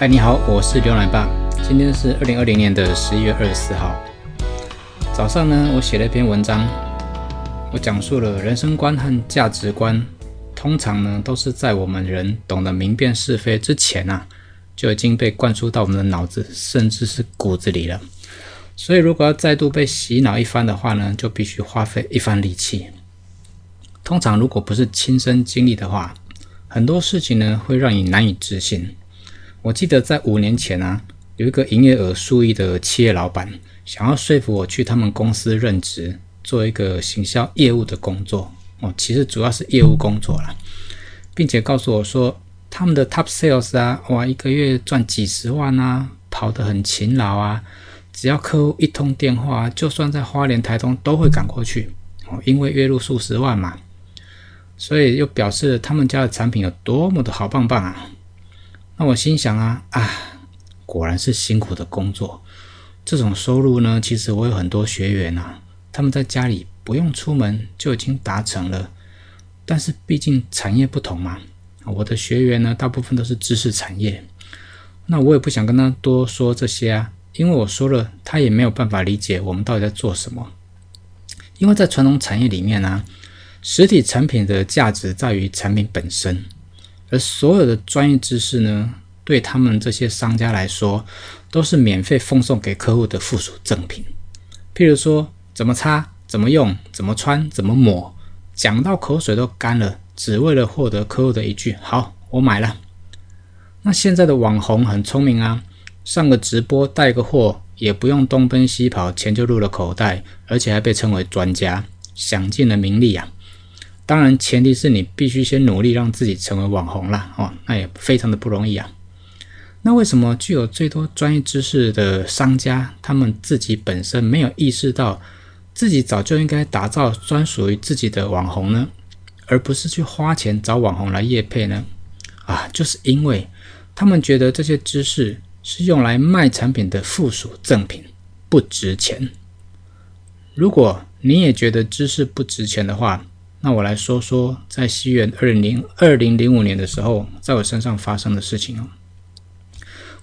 嗨、哎，你好，我是劉奶爸。今天是二零二零年的十一月二十四號。早上呢，我寫了一篇文章，我講述了人生觀和價值觀，通常呢都是在我們人懂得明辨是非之前啊，就已經被灌輸到我們的腦子，甚至是骨子裡了。所以，如果要再度被洗腦一番的話呢，就必須花費一番力氣。通常，如果不是親身經歷的話，很多事情呢會讓你難以置信。我記得在五年前啊，有一個營業額數億的企業老闆，想要說服我去他們公司任職，做一個行銷業務的工作。哦，其實主要是業務工作啦，並且告訴我說他們的 top sales 啊，哇，一個月賺幾十萬啊，跑得很勤勞啊，只要客戶一通電話，就算在花蓮、台東都會趕過去。哦，因為月入數十萬嘛，所以又表示他們家的產品有多麼的好棒棒啊。那我心想啊，啊，果然是辛苦的工作，這種收入呢，其實我有很多學員吶、啊，他們在家裡不用出門就已經達成了，但是畢竟產業不同嘛，我的學員呢，大部分都是知識產業，那我也不想跟他多說這些啊，因為我說了，他也沒有辦法理解我們到底在做什麼，因為在傳統產業裡面呢、啊，實體產品的價值在於產品本身。而所有的專業知識呢，對他們這些商家來說，都是免費奉送給客戶的附屬贈品。譬如說，怎麼擦、怎麼用、怎麼穿、怎麼抹，講到口水都乾了，只為了獲得客戶的一句“好，我買了”。那現在的網紅很聰明啊，上個直播帶個貨，也不用東奔西跑，錢就入了口袋，而且還被稱為專家，享盡了名利啊。當然，前提是你必須先努力讓自己成為網紅啦。哦，那也非常的不容易啊。那為什麼具有最多專業知識的商家，他們自己本身沒有意識到，自己早就應該打造專屬於自己的網紅呢？而不是去花錢找網紅來業配呢？啊，就是因為他們覺得這些知識是用來賣產品的附屬贈品，不值錢。如果你也覺得知識不值錢的話，那我來說說，在西元二零二零零五年的時候，在我身上發生的事情哦。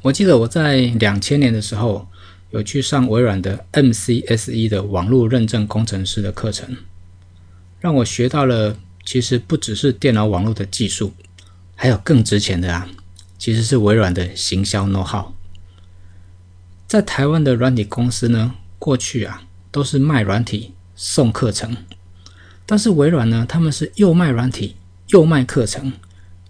我記得我在兩千年的時候，有去上微軟的 MCSE 的網絡認證工程師的課程，讓我學到了其實不只是電腦網絡的技術，還有更值錢的啊，其實是微軟的行銷 know how。在台灣的軟體公司呢，過去啊都是賣軟體送課程。但是微軟呢，他們是又賣軟體又賣課程，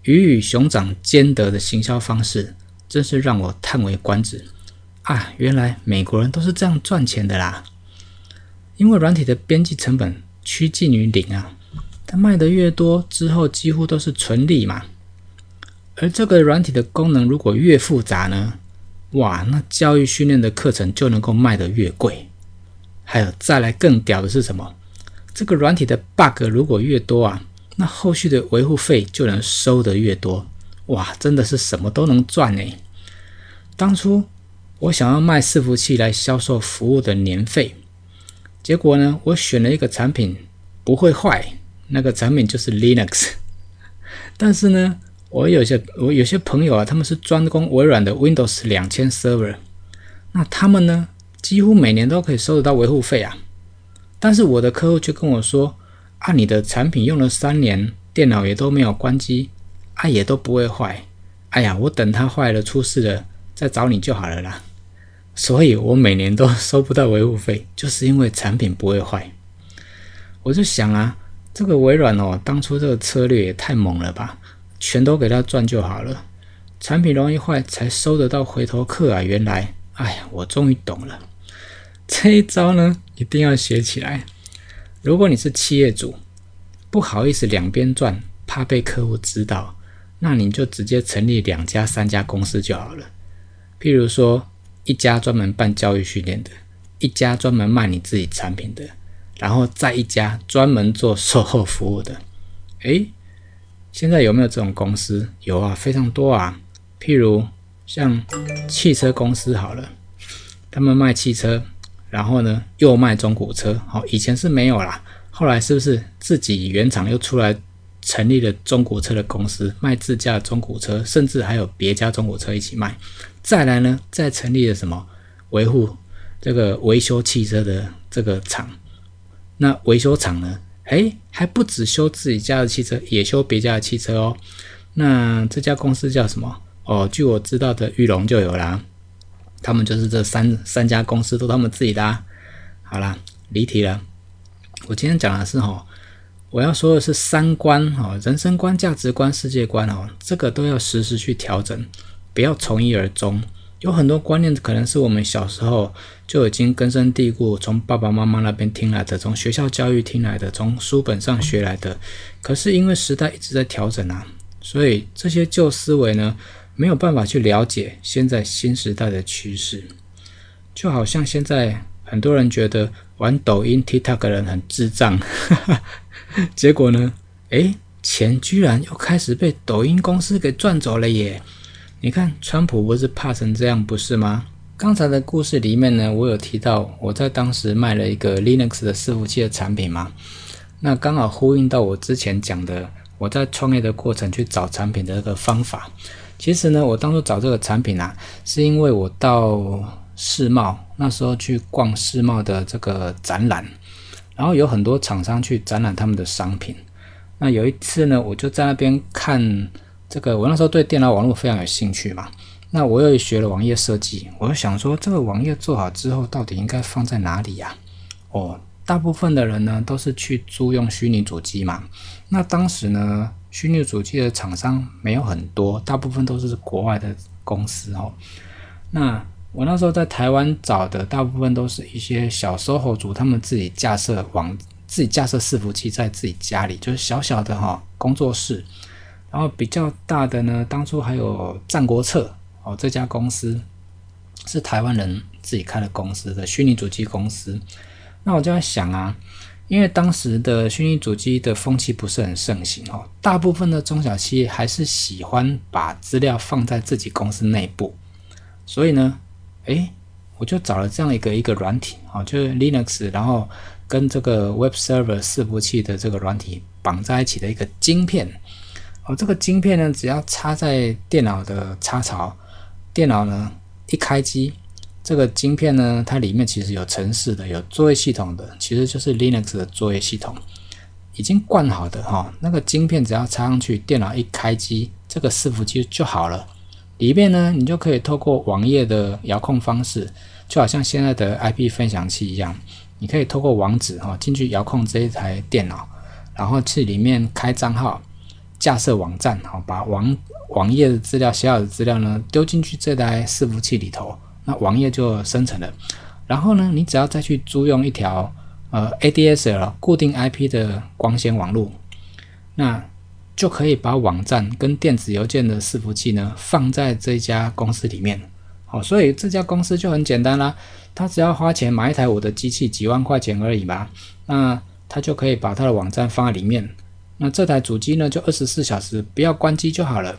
魚與熊掌兼得的行銷方式，真是讓我嘆為觀止啊！原來美國人都是這樣賺錢的啦，因為軟體的邊際成本趨近於零啊，但賣得越多之後，幾乎都是純利嘛。而這個軟體的功能如果越複雜呢，哇，那教育訓練的課程就能夠賣得越貴。還有再來更屌的是什麼？這個軟體的 bug 如果越多啊，那後續的維護費就能收得越多，哇，真的是什麼都能賺哎！當初我想要賣伺服器來銷售服務的年費，結果呢，我選了一個產品不會壞，那個產品就是 Linux。但是呢，我有些我有些朋友啊，他們是專攻微軟的 Windows 2000 Server，那他們呢，幾乎每年都可以收得到維護費啊。但是我的客戶就跟我說：“啊，你的產品用了三年，電腦也都沒有關機，啊，也都不會壞。哎呀，我等它壞了出事了再找你就好了啦。所以，我每年都收不到維護費，就是因為產品不會壞。我就想啊，這個微軟哦，當初這個策略也太猛了吧，全都給他賺就好了。產品容易壞才收得到回頭客啊。原來，哎呀，我終於懂了這一招呢。”一定要學起來。如果你是企業主，不好意思兩邊賺，怕被客戶知道，那你就直接成立兩家、三家公司就好了。譬如說，一家專門辦教育訓練的，一家專門賣你自己產品的，然後再一家專門做售後服務的。誒，現在有沒有這種公司？有啊，非常多啊。譬如像汽車公司好了，他們賣汽車。然後呢，又賣中古車，好、哦，以前是沒有啦，後來是不是自己原廠又出來成立了中古車的公司，賣自家的中古車，甚至還有別家中古車一起賣。再來呢，再成立了什麼？維護這個維修汽車的這個廠，那維修廠呢，哎，還不止修自己家的汽車，也修別家的汽車哦。那這家公司叫什麼？哦，據我知道的，玉龍就有啦。他們就是這三三家公司，都他們自己的啊。好了，離題了。我今天講的是哈，我要說的是三觀哈，人生觀、價值觀、世界觀哦，這個都要時時去調整，不要從一而終。有很多觀念可能是我們小時候就已經根深蒂固，從爸爸媽媽那邊聽來的，從學校教育聽來的，從書本上學來的。可是因為時代一直在調整啊，所以這些舊思維呢，沒有辦法去了解現在新時代的趨勢，就好像現在很多人覺得玩抖音 TikTok 的人很智障， 結果呢，誒，錢居然又開始被抖音公司給賺走了耶！你看，川普不是怕成這樣不是嗎？剛才的故事裡面呢，我有提到我在當時賣了一個 Linux 的伺服器的產品嘛，那剛好呼應到我之前講的，我在創業的過程去找產品的那個方法。其實呢，我當初找這個產品啊，是因為我到世貿那時候去逛世貿的這個展覽，然後有很多廠商去展覽他們的商品。那有一次呢，我就在那邊看這個，我那時候對電腦網絡非常有興趣嘛。那我又學了網頁設計，我就想說，這個網頁做好之後，到底應該放在哪裡呀？哦，大部分的人呢，都是去租用虛擬主機嘛。那當時呢，虛擬主機的廠商沒有很多，大部分都是國外的公司哦。那我那時候在台灣找的大部分都是一些小 SOHO 族，他們自己架設網，自己架設伺服器在自己家裡，就是小小的哈工作室。然後比較大的呢，當初還有《戰國策》哦，這家公司是台灣人自己開的公司的虛擬主機公司。那我就在想啊。因為當時的虛擬主機的風氣不是很盛行哦，大部分的中小企業還是喜歡把資料放在自己公司內部，所以呢，誒，我就找了這樣一個一個軟體哦，就是 Linux，然後跟這個 Web Server 伺服器的這個軟體綁在一起的一個晶片哦，這個晶片呢，只要插在電腦的插槽，電腦呢一開機。這個晶片呢，它裡面其實有程式的，有作業系統的，其實就是 Linux 的作業系統，已經灌好的哈、哦。那個晶片只要插上去，電腦一開機，這個伺服器就好了。裡面呢，你就可以透過網頁的遙控方式，就好像現在的 IP 分享器一樣，你可以透過網址哈、哦、進去遙控這一台電腦，然後去裡面開賬號，架設網站哈、哦，把網網頁的資料、寫好的資料呢丟進去這台伺服器裡頭。那網頁就生成了，然後呢，你只要再去租用一條呃 ADSL 固定 IP 的光纖網路，那就可以把網站跟電子郵件的伺服器呢放在這家公司裡面。好、哦，所以這家公司就很簡單啦，他只要花錢買一台我的機器，幾萬塊錢而已嘛，那他就可以把他的網站放在裡面。那這台主機呢，就二十四小時不要關機就好了，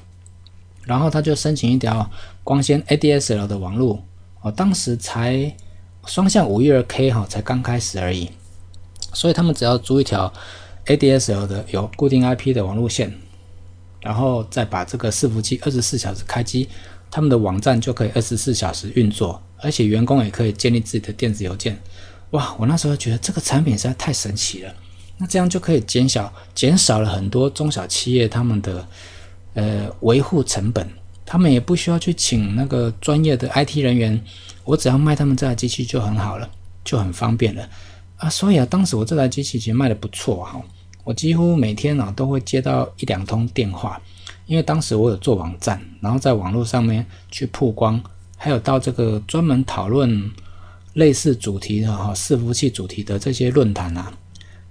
然後他就申請一條光纖 ADSL 的網路。哦，當時才雙向 512K 哈，才剛開始而已。所以他們只要租一條 ADSL 的有固定 IP 的網絡線，然後再把這個伺服器二十四小時開機，他們的網站就可以二十四小時運作，而且員工也可以建立自己的電子郵件。哇，我那時候覺得這個產品實在太神奇了。那這樣就可以減小減少了很多中小企業他們的呃維護成本。他們也不需要去請那個專業的 IT 人員，我只要賣他們這台機器就很好了，就很方便了啊！所以啊，當時我這台機器其實賣的不錯哈、啊，我幾乎每天啊都會接到一兩通電話，因為當時我有做網站，然後在網絡上面去曝光，還有到這個專門討論類似主題的哈伺服器主題的這些論壇啊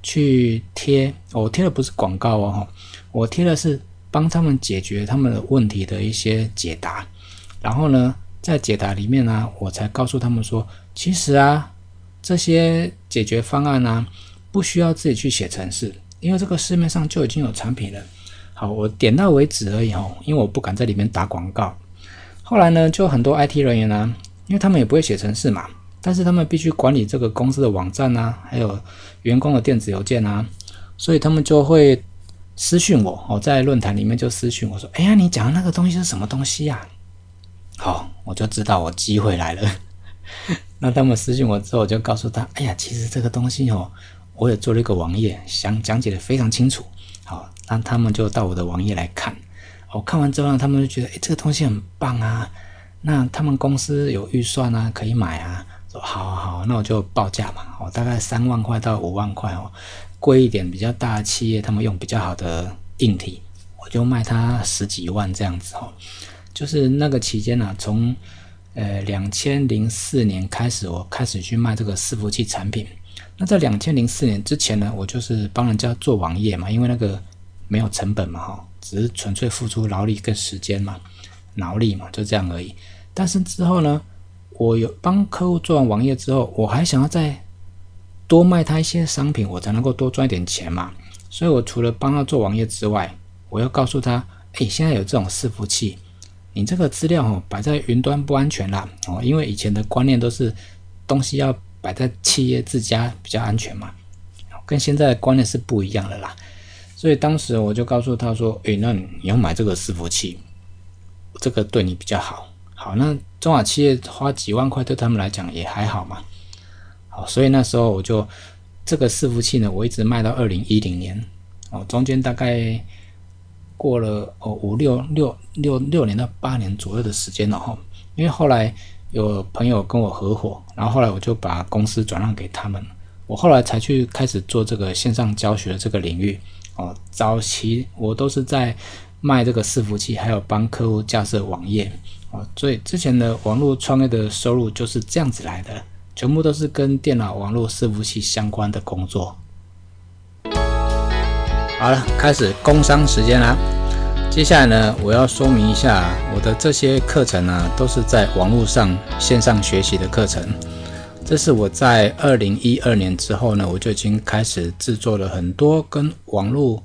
去貼，我貼的不是廣告哦，我貼的是。幫他們解決他們的問題的一些解答，然後呢，在解答裡面呢、啊，我才告訴他們說，其實啊，這些解決方案呢、啊，不需要自己去寫程式，因為這個市面上就已經有產品了。好，我點到為止而已哦，因為我不敢在裡面打廣告。後來呢，就很多 IT 人員呢、啊，因為他們也不會寫程式嘛，但是他們必須管理這個公司的網站啊，還有員工的電子郵件啊，所以他們就會。私訊我，我在論壇裡面就私訊我說：“哎呀，你講的那個東西是什麼東西呀？”好，我就知道我機會來了。 那他們私信我之後，我就告訴他：“哎呀，其實這個東西哦，我也做了一個網頁，想講解的非常清楚。”好，那他們就到我的網頁來看。我看完之後呢，他們就覺得：“哎，這個東西很棒啊！”那他們公司有預算啊，可以買啊。說：“好，好，好，那我就報價嘛，我大概三萬塊到五萬塊哦。”貴一點比較大企業，他們用比較好的硬體，我就賣他十幾萬這樣子哈。就是那個期間呢、啊，從呃兩千零四年開始，我開始去賣這個伺服器產品。那在兩千零四年之前呢，我就是幫人家做網頁嘛，因為那個沒有成本嘛哈，只是純粹付出勞力跟時間嘛，勞力嘛就這樣而已。但是之後呢，我有幫客戶做完網頁之後，我還想要再多賣他一些商品，我才能夠多賺一點錢嘛。所以我除了幫他做網頁之外，我要告訴他：，誒、欸，現在有這種伺服器，你這個資料哦擺在雲端不安全啦。哦，因為以前的觀念都是東西要擺在企業自家比較安全嘛，跟現在的觀念是不一樣的啦。所以當時我就告訴他說：，誒、欸，那你，你要買這個伺服器，這個對你比較好。好，那中小企業花幾萬塊，對他們來講也還好嘛。哦，所以那時候我就這個伺服器呢，我一直賣到二零一零年，哦，中間大概過了哦五六六六六年到八年左右的時間了、哦、哈，因為後來有朋友跟我合夥，然後後來我就把公司轉讓給他們，我後來才去開始做這個線上教學的這個領域，哦，早期我都是在賣這個伺服器，還有幫客戶架設網頁，啊、哦，所以之前的網絡創業的收入就是這樣子來的。全部都是跟電腦、網絡、伺服器相關的工作。好了，開始工商時間啦。接下來呢，我要說明一下啊，我的這些課程呢啊，都是在網絡上線上學習的課程。這是我在二零一二年之後呢，我就已經開始製作了很多跟網絡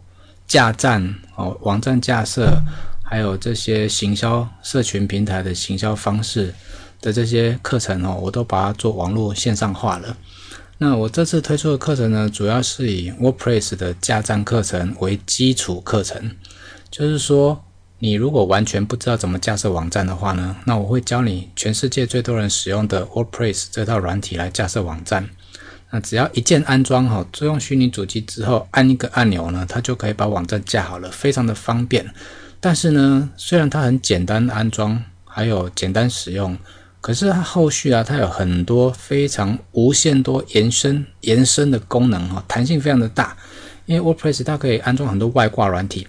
架站、哦，網站架設，還有這些行銷社群平台的行銷方式。的這些課程哦，我都把它做網絡線上化了。那我這次推出的課程呢，主要是以 WordPress 的架站課程為基礎課程，就是說你如果完全不知道怎麼架設網站的話呢，那我會教你全世界最多人使用的 WordPress 這套軟體來架設網站。那只要一鍵安裝哦，租用虛擬主機之後，按一個按鈕呢，它就可以把網站架好了，非常的方便。但是呢，雖然它很簡單的安裝，還有簡單使用。可是它後續啊，它有很多非常無限多延伸延伸的功能哈，彈性非常的大。因為 WordPress 它可以安裝很多外掛軟體，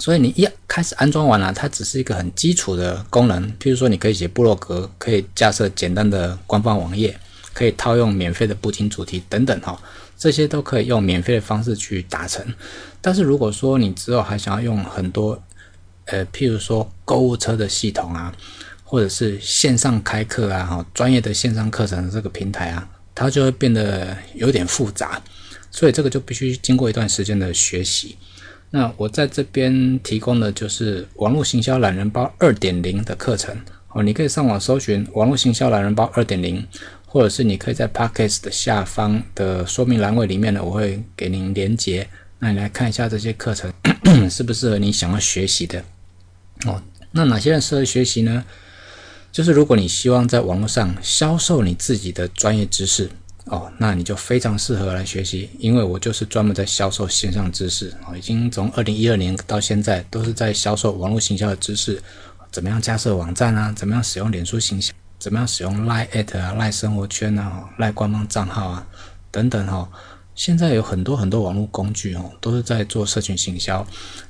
所以你一開始安裝完了，它只是一個很基礎的功能。譬如說，你可以寫部落格，可以架設簡單的官方網頁，可以套用免費的布景主題等等哈，這些都可以用免費的方式去達成。但是如果說你之後還想要用很多呃，譬如說購物車的系統啊。或者是線上開課啊，哦，專業的線上課程的這個平台啊，它就會變得有點複雜，所以這個就必須經過一段時間的學習。那我在這邊提供的就是網絡行銷懶人包二點零的課程，哦，你可以上網搜尋網絡行銷懶人包二點零，或者是你可以在 Podcast 的下方的說明欄位裡面呢，我會給您連結，那你來看一下這些課程適 不適合你想要學習的。哦，那哪些人適合學習呢？就是如果你希望在網絡上銷售你自己的專業知識哦，那你就非常適合來學習，因為我就是專門在銷售線上知識哦，已經從二零一二年到現在都是在銷售網絡行銷的知識，怎麼樣架設網站啊？怎麼樣使用臉書行銷？怎麼樣使用 Line@ 啊？Line 生活圈啊？Line 官方賬號啊？等等哈、哦，現在有很多很多網絡工具哦，都是在做社群行銷，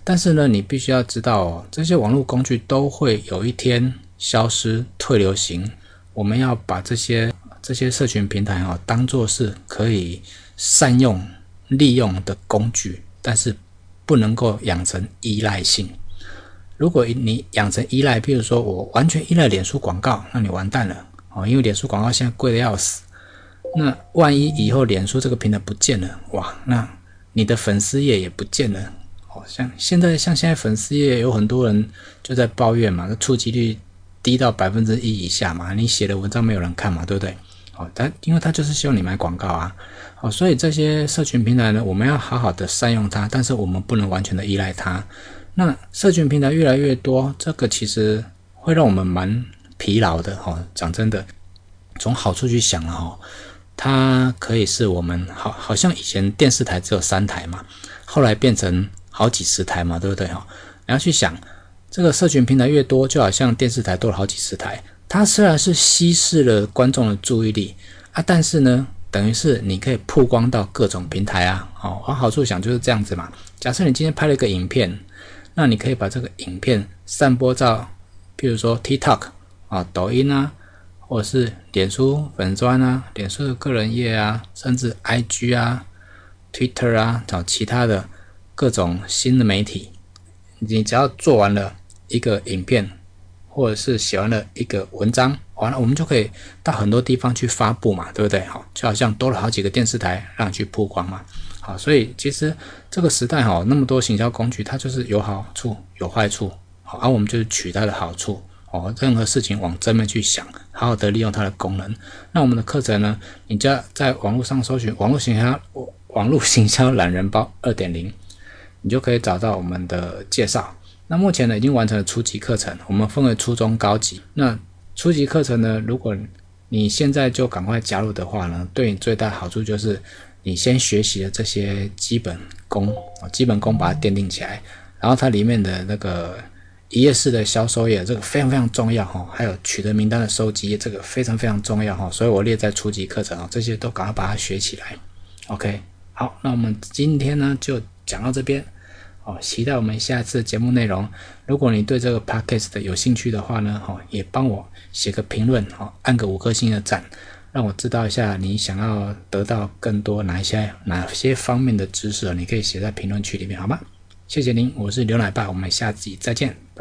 但是呢，你必須要知道哦，這些網絡工具都會有一天。消失、退流行，我們要把這些這些社群平台啊、哦，當做是可以善用、利用的工具，但是不能夠養成依賴性。如果你養成依賴，比如說我完全依賴臉書廣告，那你完蛋了啊、哦！因為臉書廣告現在貴得要死，那萬一以後臉書這個平台不見了，哇，那你的粉絲頁也不見了。哦、像現在，像現在粉絲頁有很多人就在抱怨嘛，那觸及率。低到百分之一以下嘛，你寫的文章沒有人看嘛，對不對？哦，他因為他就是希望你買廣告啊，哦，所以這些社群平台呢，我們要好好的善用它，但是我們不能完全的依賴它。那社群平台越來越多，這個其實會讓我們蠻疲勞的。哈、哦，講真的，從好處去想了哈、哦，它可以是我們好好像以前電視台只有三台嘛，後來變成好幾十台嘛，對不對？哈、哦，你要去想，這個社群平台越多，就好像電視台多了好幾十台。它雖然是稀釋了觀眾的注意力啊，但是呢，等於是你可以曝光到各種平台啊。哦，往好處想就是這樣子嘛。假設你今天拍了一個影片，那你可以把這個影片散播到，譬如說 TikTok 啊、抖音啊，或者是臉書粉專啊、臉書的個人頁啊，甚至 IG 啊、Twitter 啊，找其他的各種新的媒體。你只要做完了。一個影片，或者是寫完了一個文章，完了我們就可以到很多地方去發布嘛，對不對？好，就好像多了好幾個電視台讓你去曝光嘛。好，所以其實這個時代哈、哦，那麼多行銷工具，它就是有好處有壞處，好，而、啊、我們就是取它的好處哦。任何事情往正面去想，好好的利用它的功能。那我們的課程呢？你只要在網絡上搜尋“網絡行銷”“網絡行銷懶人包二點零”，你就可以找到我們的介紹。那目前呢，已經完成了初級課程，我們分為初中高級。那初級課程呢，如果你現在就趕快加入的話呢，對你最大好處就是你先學習了這些基本功啊，基本功把它奠定起來，然後它裡面的那個一頁式的銷售頁，這個非常非常重要哈，還有取得名單的收集，這個非常非常重要哈，所以我列在初級課程啊，這些都趕快把它學起來。OK，好，那我們今天呢就講到這邊。哦，期待我們下次節目內容。如果你對這個 podcast 有興趣的話呢，哦，也幫我寫個評論哦，按個五顆星的讚，讓我知道一下你想要得到更多哪一些哪些方面的知識，你可以寫在評論區裡面，好嗎？謝謝您，我是劉奶爸，我們下集再見。